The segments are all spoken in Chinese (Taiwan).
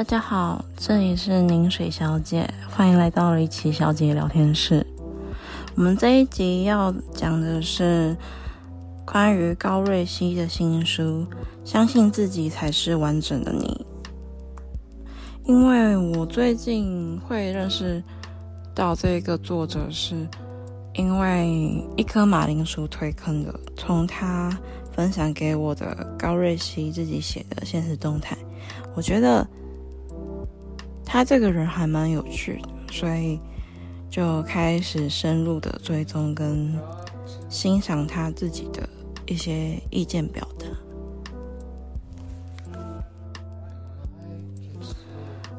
大家好，這裡是凝水小姐，歡迎來到李奇小姐聊天室。我們這一集要講的是關於高瑞希的新書《相信自己才是完整的你》。因為我最近會認識到這個作者，是因為一顆馬鈴薯推坑的，從他分享給我的高瑞希自己寫的限時動態，我覺得。他這個人還蠻有趣的，所以就開始深入的追蹤跟欣賞他自己的一些意見表達。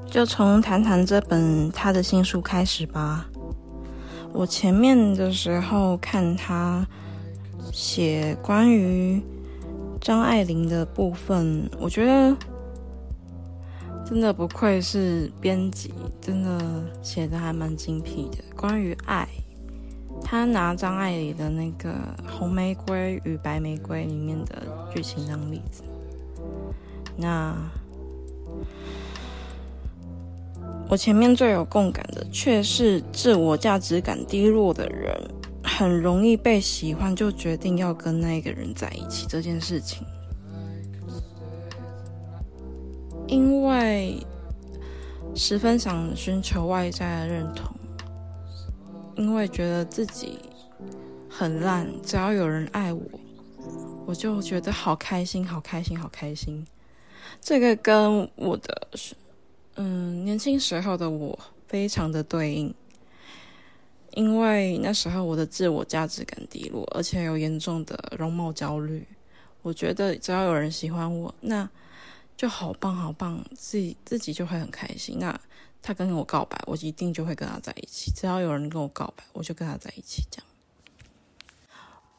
就從談談這本他的新書開始吧。我前面的時候看他寫關於張愛玲的部分，我覺得。真的不愧是編輯，真的寫得還蠻精闢的。關於愛，他拿張愛玲的那個《紅玫瑰與白玫瑰》裡面的劇情當例子。那我前面最有共感的，卻是自我價值感低落的人，很容易被喜歡，就決定要跟那個人在一起這件事情。因為十分想尋求外在的認同，因為覺得自己很爛，只要有人愛我，我就覺得好開心，好開心，好開心。這個跟我的嗯年輕時候的我非常的對應，因為那時候我的自我價值感低落，而且有嚴重的容貌焦慮。我覺得只要有人喜歡我，那。就好棒，好棒，自己自己就會很開心。那他跟我告白，我一定就會跟他在一起。只要有人跟我告白，我就跟他在一起。這樣，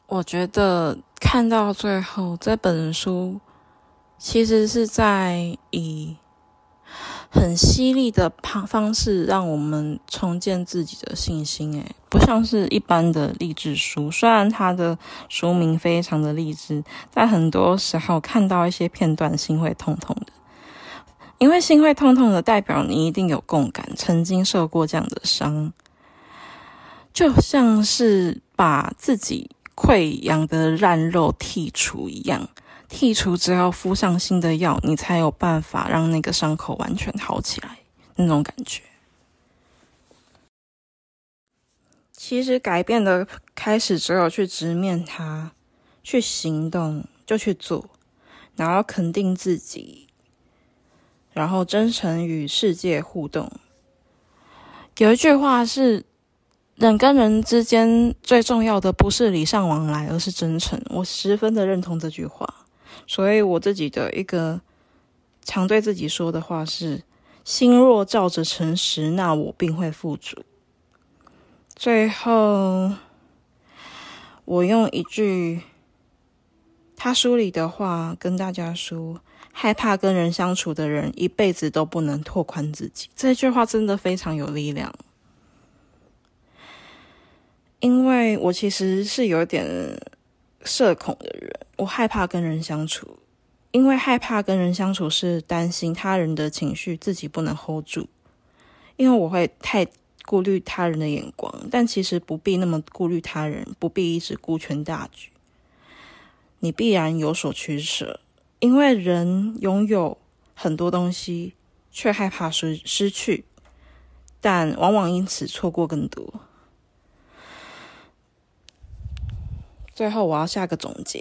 我覺得看到最後，這本書其實是在以。很犀利的方方式，讓我們重建自己的信心。誒，不像是一般的勵志書，雖然它的書名非常的勵志，但很多時候看到一些片段，心會痛痛的。因為心會痛痛的，代表你一定有共感，曾經受過這樣的傷，就像是把自己潰瘍的爛肉剔除一樣。剔除，只要敷上新的藥，你才有辦法讓那個傷口完全好起來。那種感覺，其實改變的開始只有去直面它，去行動就去做，然後肯定自己，然後真誠與世界互動。有一句話是：人跟人之間最重要的不是禮尚往來，而是真誠。我十分的認同這句話。所以我自己的一個常對自己說的話是：心若照着誠實，那我便會富足。最後，我用一句他書裡的話跟大家說：害怕跟人相處的人，一輩子都不能拓寬自己。這句話真的非常有力量，因為我其實是有點社恐的人。我害怕跟人相處，因為害怕跟人相處是擔心他人的情緒自己不能 hold 住，因為我會太顧慮他人的眼光，但其實不必那麼顧慮他人，不必一直顧全大局。你必然有所取捨，因為人擁有很多東西，卻害怕失失去，但往往因此錯過更多。最後，我要下個總結。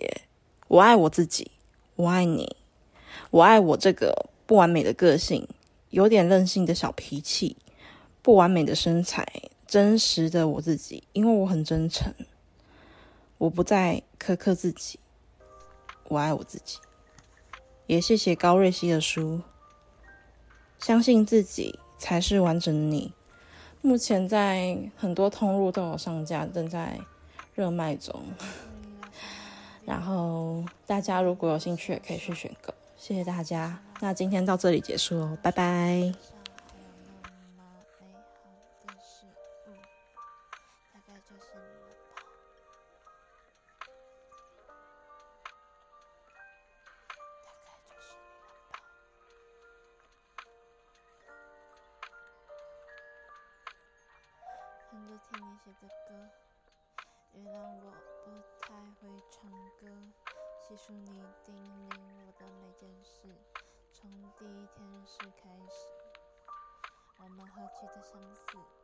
我愛我自己，我愛你，我愛我這個不完美的個性，有點任性的小脾氣，不完美的身材，真實的我自己，因為我很真誠。我不再苛刻自己，我愛我自己。也謝謝高瑞希的書，相信自己才是完整的你。目前在很多通路都有上架，正在熱賣中。然後大家如果有興趣，也可以去選購。謝謝大家，那今天到這裡結束哦，拜拜。原諒我不太會唱歌，細數你叮嚀我的每件事，從第一天認識開始，我們何其的相似。